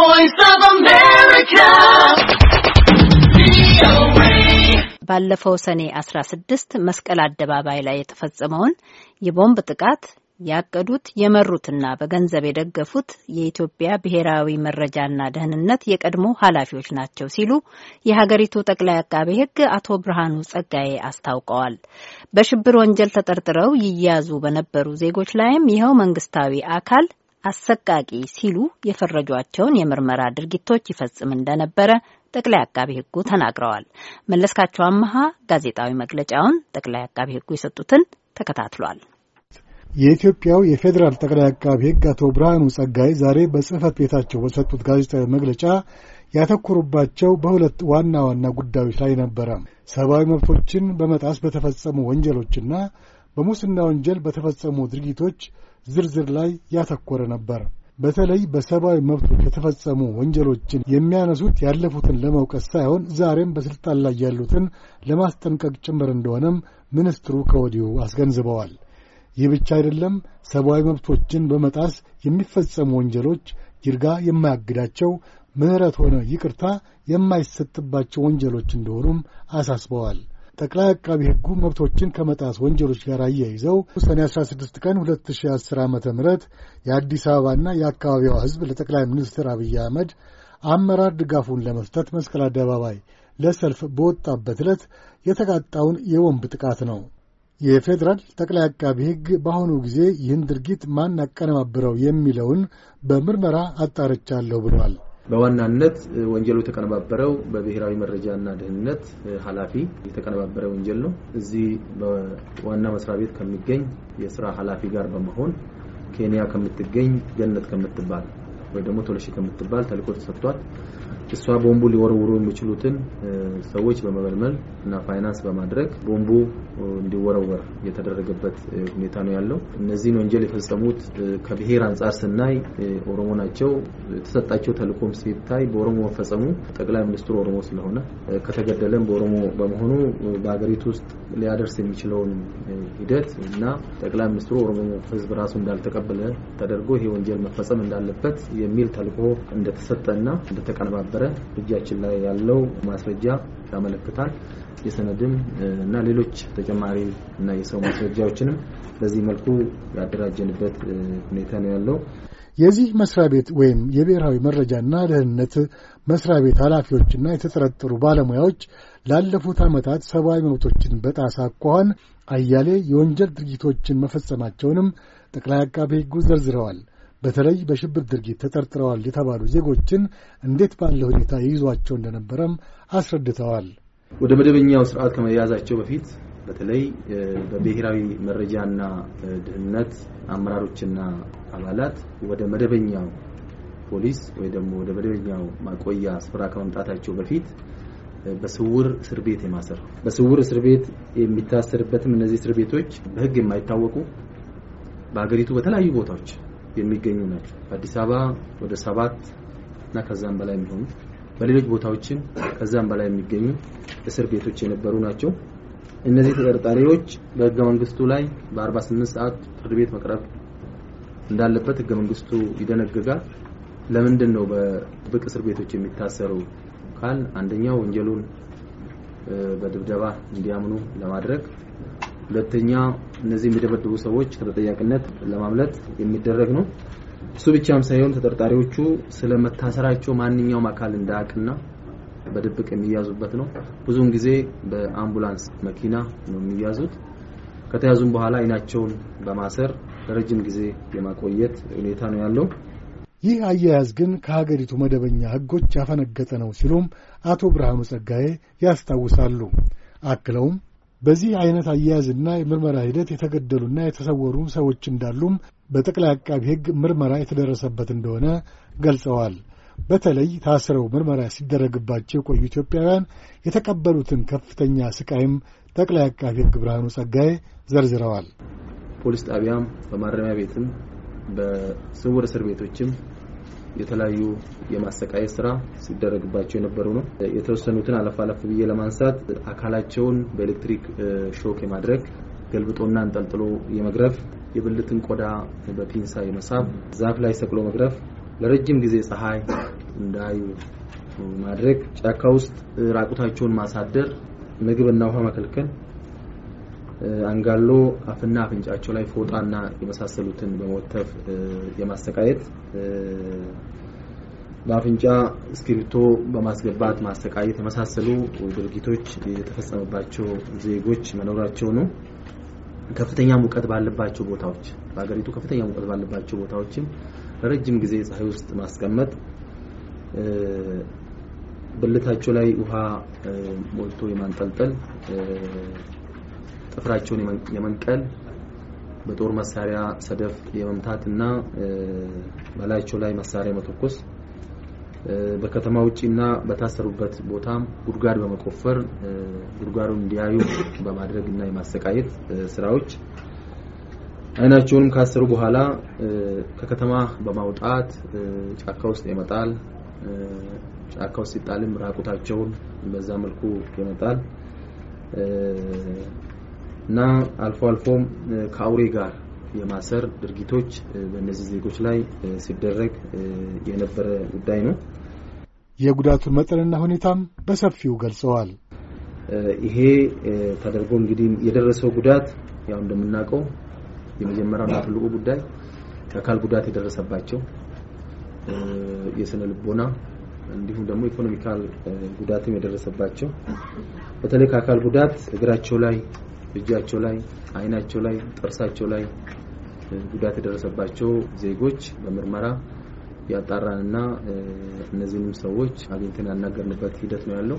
voice of America. ባለፈው ሰኔ 16 መስቀል አደባባይ ላይ የተፈጸመውን የቦምብ ጥቃት ያቀዱት የመሩትና በገንዘብ የደገፉት የኢትዮጵያ ብሔራዊ መረጃና ደህንነት የቀድሞ ኃላፊዎች ናቸው ሲሉ የሀገሪቱ ጠቅላይ አቃቤ ሕግ አቶ ብርሃኑ ጸጋዬ አስታውቀዋል። በሽብር ወንጀል ተጠርጥረው ይያዙ በነበሩ ዜጎች ላይም ይኸው መንግስታዊ አካል አሰቃቂ ሲሉ የፈረጇቸውን የምርመራ ድርጊቶች ይፈጽም እንደነበረ ጠቅላይ አቃቢ ሕጉ ተናግረዋል። መለስካቸው አመሃ ጋዜጣዊ መግለጫውን ጠቅላይ አቃቢ ሕጉ የሰጡትን ተከታትሏል። የኢትዮጵያው የፌዴራል ጠቅላይ አቃቢ ሕግ አቶ ብርሃኑ ጸጋይ ዛሬ በጽህፈት ቤታቸው በሰጡት ጋዜጣዊ መግለጫ ያተኮሩባቸው በሁለት ዋና ዋና ጉዳዮች ላይ ነበረ። ሰብአዊ መብቶችን በመጣስ በተፈጸሙ ወንጀሎችና በሙስና ወንጀል በተፈጸሙ ድርጊቶች ዝርዝር ላይ ያተኮረ ነበር። በተለይ በሰብአዊ መብቶች የተፈጸሙ ወንጀሎችን የሚያነሱት ያለፉትን ለመውቀስ ሳይሆን ዛሬም በስልጣን ላይ ያሉትን ለማስጠንቀቅ ጭምር እንደሆነም ሚኒስትሩ ከወዲሁ አስገንዝበዋል። ይህ ብቻ አይደለም። ሰብአዊ መብቶችን በመጣስ የሚፈጸሙ ወንጀሎች ይርጋ የማያግዳቸው ምሕረት ሆነ ይቅርታ የማይሰጥባቸው ወንጀሎች እንደሆኑም አሳስበዋል። ጠቅላይ አቃቢ ሕጉ መብቶችን ከመጣስ ወንጀሎች ጋር አያይዘው ሰኔ 16 ቀን 2010 ዓ ም የአዲስ አበባና የአካባቢዋ ሕዝብ ለጠቅላይ ሚኒስትር አብይ አህመድ አመራር ድጋፉን ለመስጠት መስቀል አደባባይ ለሰልፍ በወጣበት ዕለት የተቃጣውን የወንብ ጥቃት ነው። የፌዴራል ጠቅላይ አቃቢ ሕግ በአሁኑ ጊዜ ይህን ድርጊት ማን አቀነባብረው የሚለውን በምርመራ አጣርቻለሁ ብሏል። በዋናነት ወንጀሉ የተቀነባበረው በብሔራዊ መረጃና ደህንነት ኃላፊ የተቀነባበረ ወንጀል ነው። እዚህ በዋና መስሪያ ቤት ከሚገኝ የስራ ኃላፊ ጋር በመሆን ኬንያ ከምትገኝ ገነት ከምትባል ወይ ደግሞ ቶለሺ ከምትባል ተልእኮ ተሰጥቷል። እሷ ቦምቡ ሊወረውሩ የሚችሉትን ሰዎች በመመልመል እና ፋይናንስ በማድረግ ቦምቡ እንዲወረወር የተደረገበት ሁኔታ ነው ያለው። እነዚህን ወንጀል የፈጸሙት ከብሔር አንጻር ስናይ ኦሮሞ ናቸው። የተሰጣቸው ተልእኮም ሲታይ በኦሮሞ መፈጸሙ ጠቅላይ ሚኒስትሩ ኦሮሞ ስለሆነ ከተገደለም በኦሮሞ በመሆኑ በሀገሪቱ ውስጥ ሊያደርስ የሚችለውን ሂደት እና ጠቅላይ ሚኒስትሩ ኦሮሞ ሕዝብ ራሱ እንዳልተቀበለ ተደርጎ ይሄ ወንጀል መፈጸም እንዳለበት የሚል ተልእኮ እንደተሰጠና እንደተቀነባበ እንደነበረ እጃችን ላይ ያለው ማስረጃ ያመለክታል። የሰነድም እና ሌሎች ተጨማሪ እና የሰው ማስረጃዎችንም በዚህ መልኩ ያደራጀንበት ሁኔታ ነው ያለው። የዚህ መስሪያ ቤት ወይም የብሔራዊ መረጃና ደህንነት መስሪያ ቤት ኃላፊዎችና የተጠረጠሩ ባለሙያዎች ላለፉት ዓመታት ሰብአዊ መብቶችን በጣሳ አኳኋን አያሌ የወንጀል ድርጊቶችን መፈጸማቸውንም ጠቅላይ አቃቤ ሕጉ ዘርዝረዋል። በተለይ በሽብር ድርጊት ተጠርጥረዋል የተባሉ ዜጎችን እንዴት ባለ ሁኔታ ይይዟቸው እንደነበረም አስረድተዋል። ወደ መደበኛው ስርዓት ከመያዛቸው በፊት በተለይ በብሔራዊ መረጃና ደህንነት አመራሮችና አባላት ወደ መደበኛው ፖሊስ ወይ ደግሞ ወደ መደበኛው ማቆያ ስፍራ ከመምጣታቸው በፊት በስውር እስር ቤት የማሰር በስውር እስር ቤት የሚታሰርበትም እነዚህ እስር ቤቶች በሕግ የማይታወቁ በሀገሪቱ በተለያዩ ቦታዎች የሚገኙ ናቸው። በአዲስ አበባ ወደ ሰባት እና ከዛም በላይ የሚሆኑ በሌሎች ቦታዎችም ከዛም በላይ የሚገኙ እስር ቤቶች የነበሩ ናቸው። እነዚህ ተጠርጣሪዎች በህገ መንግስቱ ላይ በ48 ሰዓት ፍርድ ቤት መቅረብ እንዳለበት ህገ መንግስቱ ይደነግጋል። ለምንድን ነው በጥብቅ እስር ቤቶች የሚታሰሩ ካል አንደኛው ወንጀሉን በድብደባ እንዲያምኑ ለማድረግ ሁለተኛ እነዚህ የሚደበድቡ ሰዎች ከተጠያቂነት ለማምለጥ የሚደረግ ነው። እሱ ብቻም ሳይሆን ተጠርጣሪዎቹ ስለመታሰራቸው ማንኛውም አካል እንዳያውቅና በድብቅ የሚያዙበት ነው። ብዙውን ጊዜ በአምቡላንስ መኪና ነው የሚያዙት። ከተያዙም በኋላ አይናቸውን በማሰር ለረጅም ጊዜ የማቆየት ሁኔታ ነው ያለው። ይህ አያያዝ ግን ከሀገሪቱ መደበኛ ሕጎች ያፈነገጠ ነው ሲሉም አቶ ብርሃኑ ጸጋዬ ያስታውሳሉ። አክለውም በዚህ አይነት አያያዝና የምርመራ ሂደት የተገደሉና የተሰወሩ ሰዎች እንዳሉም በጠቅላይ አቃቢ ሕግ ምርመራ የተደረሰበት እንደሆነ ገልጸዋል። በተለይ ታስረው ምርመራ ሲደረግባቸው የቆዩ ኢትዮጵያውያን የተቀበሉትን ከፍተኛ ስቃይም ጠቅላይ አቃቢ ሕግ ብርሃኑ ጸጋዬ ዘርዝረዋል። ፖሊስ ጣቢያም፣ በማረሚያ ቤትም፣ በስውር እስር ቤቶችም የተለያዩ የማሰቃየት ስራ ሲደረግባቸው የነበሩ ነው። የተወሰኑትን አለፍ አለፍ ብዬ ለማንሳት አካላቸውን በኤሌክትሪክ ሾክ የማድረግ ገልብጦና አንጠልጥሎ የመግረፍ፣ የብልትን ቆዳ በፒንሳ የመሳብ፣ ዛፍ ላይ ሰቅሎ መግረፍ፣ ለረጅም ጊዜ ፀሐይ እንዳዩ ማድረግ፣ ጫካ ውስጥ ራቁታቸውን ማሳደር፣ ምግብና ውሃ መከልከል አንጋሎ አፍና አፍንጫቸው ላይ ፎጣና የመሳሰሉትን በመወተፍ የማሰቃየት በአፍንጫ እስክሪብቶ በማስገባት ማሰቃየት የመሳሰሉ ድርጊቶች የተፈጸመባቸው ዜጎች መኖራቸው ነው። ከፍተኛ ሙቀት ባለባቸው ቦታዎች በሀገሪቱ ከፍተኛ ሙቀት ባለባቸው ቦታዎችም ረጅም ጊዜ ፀሐይ ውስጥ ማስቀመጥ፣ ብልታቸው ላይ ውሃ ሞልቶ የማንጠልጠል ጥፍራቸውን የመንቀል በጦር መሳሪያ ሰደፍ የመምታት እና በላያቸው ላይ መሳሪያ መተኮስ በከተማ ውጪና በታሰሩበት ቦታ ጉድጓድ በመቆፈር ጉድጓዱን እንዲያዩ በማድረግ እና የማሰቃየት ስራዎች አይናቸውንም ካሰሩ በኋላ ከከተማ በማውጣት ጫካ ውስጥ ይመጣል። ጫካ ውስጥ ሲጣልም ራቁታቸውን በዛ መልኩ ይመጣል። እና አልፎ አልፎም ከአውሬ ጋር የማሰር ድርጊቶች በእነዚህ ዜጎች ላይ ሲደረግ የነበረ ጉዳይ ነው። የጉዳቱን መጠንና ሁኔታም በሰፊው ገልጸዋል። ይሄ ተደርጎ እንግዲህ የደረሰው ጉዳት ያው እንደምናውቀው የመጀመሪያውና ትልቁ ጉዳይ የአካል ጉዳት የደረሰባቸው የስነ ልቦና እንዲሁም ደግሞ ኢኮኖሚካል ጉዳትም የደረሰባቸው በተለይ ከአካል ጉዳት እግራቸው ላይ እጃቸው ላይ፣ አይናቸው ላይ፣ ጥርሳቸው ላይ ጉዳት የደረሰባቸው ዜጎች በምርመራ ያጣራንና እነዚህንም ሰዎች አግኝተን ያናገርንበት ሂደት ነው ያለው።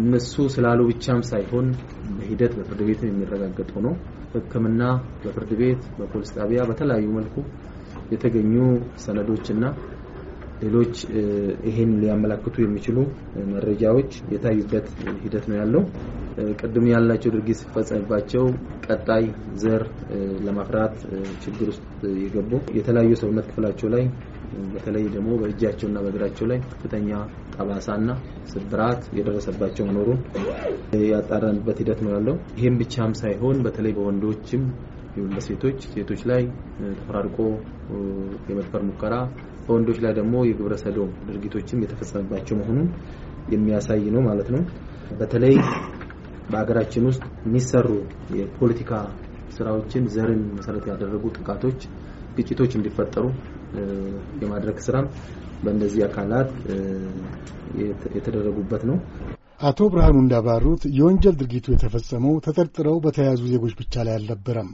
እነሱ ስላሉ ብቻም ሳይሆን በሂደት በፍርድ ቤት የሚረጋገጥ ነው። ሕክምና በፍርድ ቤት፣ በፖሊስ ጣቢያ በተለያዩ መልኩ የተገኙ ሰነዶችና ሌሎች ይሄን ሊያመላክቱ የሚችሉ መረጃዎች የታዩበት ሂደት ነው ያለው። ቅድም ያላቸው ድርጊት ሲፈጸምባቸው ቀጣይ ዘር ለማፍራት ችግር ውስጥ የገቡ የተለያዩ ሰውነት ክፍላቸው ላይ በተለይ ደግሞ በእጃቸውና በእግራቸው ላይ ከፍተኛ ጠባሳና ስብራት የደረሰባቸው መኖሩን ያጣራንበት ሂደት ነው ያለው። ይህም ብቻም ሳይሆን በተለይ በወንዶችም ይሁን በሴቶች ሴቶች ላይ ተፈራርቆ የመድፈር ሙከራ በወንዶች ላይ ደግሞ የግብረ ሰዶም ድርጊቶችም የተፈጸመባቸው መሆኑን የሚያሳይ ነው ማለት ነው። በተለይ በሀገራችን ውስጥ የሚሰሩ የፖለቲካ ስራዎችን ዘርን መሰረት ያደረጉ ጥቃቶች፣ ግጭቶች እንዲፈጠሩ የማድረግ ስራም በእነዚህ አካላት የተደረጉበት ነው። አቶ ብርሃኑ እንዳብራሩት የወንጀል ድርጊቱ የተፈጸመው ተጠርጥረው በተያያዙ ዜጎች ብቻ ላይ አልነበረም።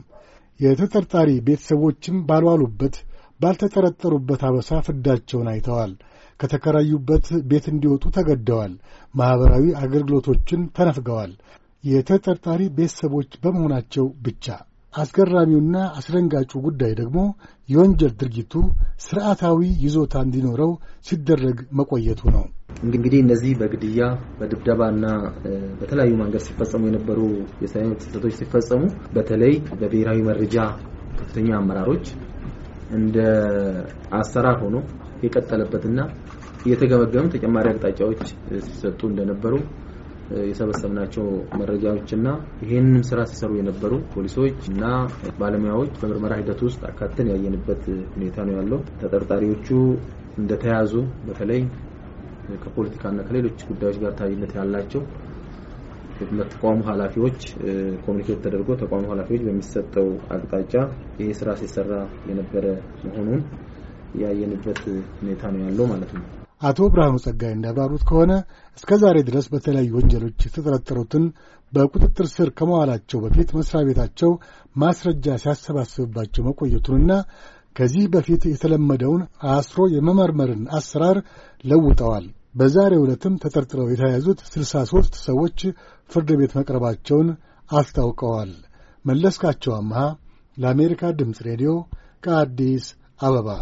የተጠርጣሪ ቤተሰቦችም ባልዋሉበት ባልተጠረጠሩበት አበሳ ፍዳቸውን አይተዋል። ከተከራዩበት ቤት እንዲወጡ ተገደዋል። ማኅበራዊ አገልግሎቶችን ተነፍገዋል። የተጠርጣሪ ቤተሰቦች በመሆናቸው ብቻ አስገራሚውና አስደንጋጩ ጉዳይ ደግሞ የወንጀል ድርጊቱ ስርዓታዊ ይዞታ እንዲኖረው ሲደረግ መቆየቱ ነው። እንግዲህ እነዚህ በግድያ በድብደባ በተለያዩ መንገድ ሲፈጸሙ የነበሩ የሳይንስ ስህተቶች ሲፈጸሙ በተለይ በብሔራዊ መረጃ ከፍተኛ አመራሮች እንደ አሰራር ሆኖ የቀጠለበትና እየተገመገሙ ተጨማሪ አቅጣጫዎች ሲሰጡ እንደነበሩ የሰበሰብናቸው መረጃዎች እና ይህንን ስራ ሲሰሩ የነበሩ ፖሊሶች እና ባለሙያዎች በምርመራ ሂደት ውስጥ አካተን ያየንበት ሁኔታ ነው ያለው። ተጠርጣሪዎቹ እንደተያዙ በተለይ ከፖለቲካና ከሌሎች ጉዳዮች ጋር ታይነት ያላቸው ተቋሙ ኃላፊዎች ኮሚኒኬት ተደርጎ ተቋሙ ኃላፊዎች በሚሰጠው አቅጣጫ ይሄ ስራ ሲሰራ የነበረ መሆኑን ያየንበት ሁኔታ ነው ያለው ማለት ነው። አቶ ብርሃኑ ጸጋይ እንዳብራሩት ከሆነ እስከ ዛሬ ድረስ በተለያዩ ወንጀሎች የተጠረጠሩትን በቁጥጥር ስር ከመዋላቸው በፊት መስሪያ ቤታቸው ማስረጃ ሲያሰባስብባቸው መቆየቱንና ከዚህ በፊት የተለመደውን አስሮ የመመርመርን አሰራር ለውጠዋል። በዛሬ ዕለትም ተጠርጥረው የተያያዙት ስልሳ ሦስት ሰዎች ፍርድ ቤት መቅረባቸውን አስታውቀዋል። መለስካቸው አምሃ ለአሜሪካ ድምፅ ሬዲዮ ከአዲስ አበባ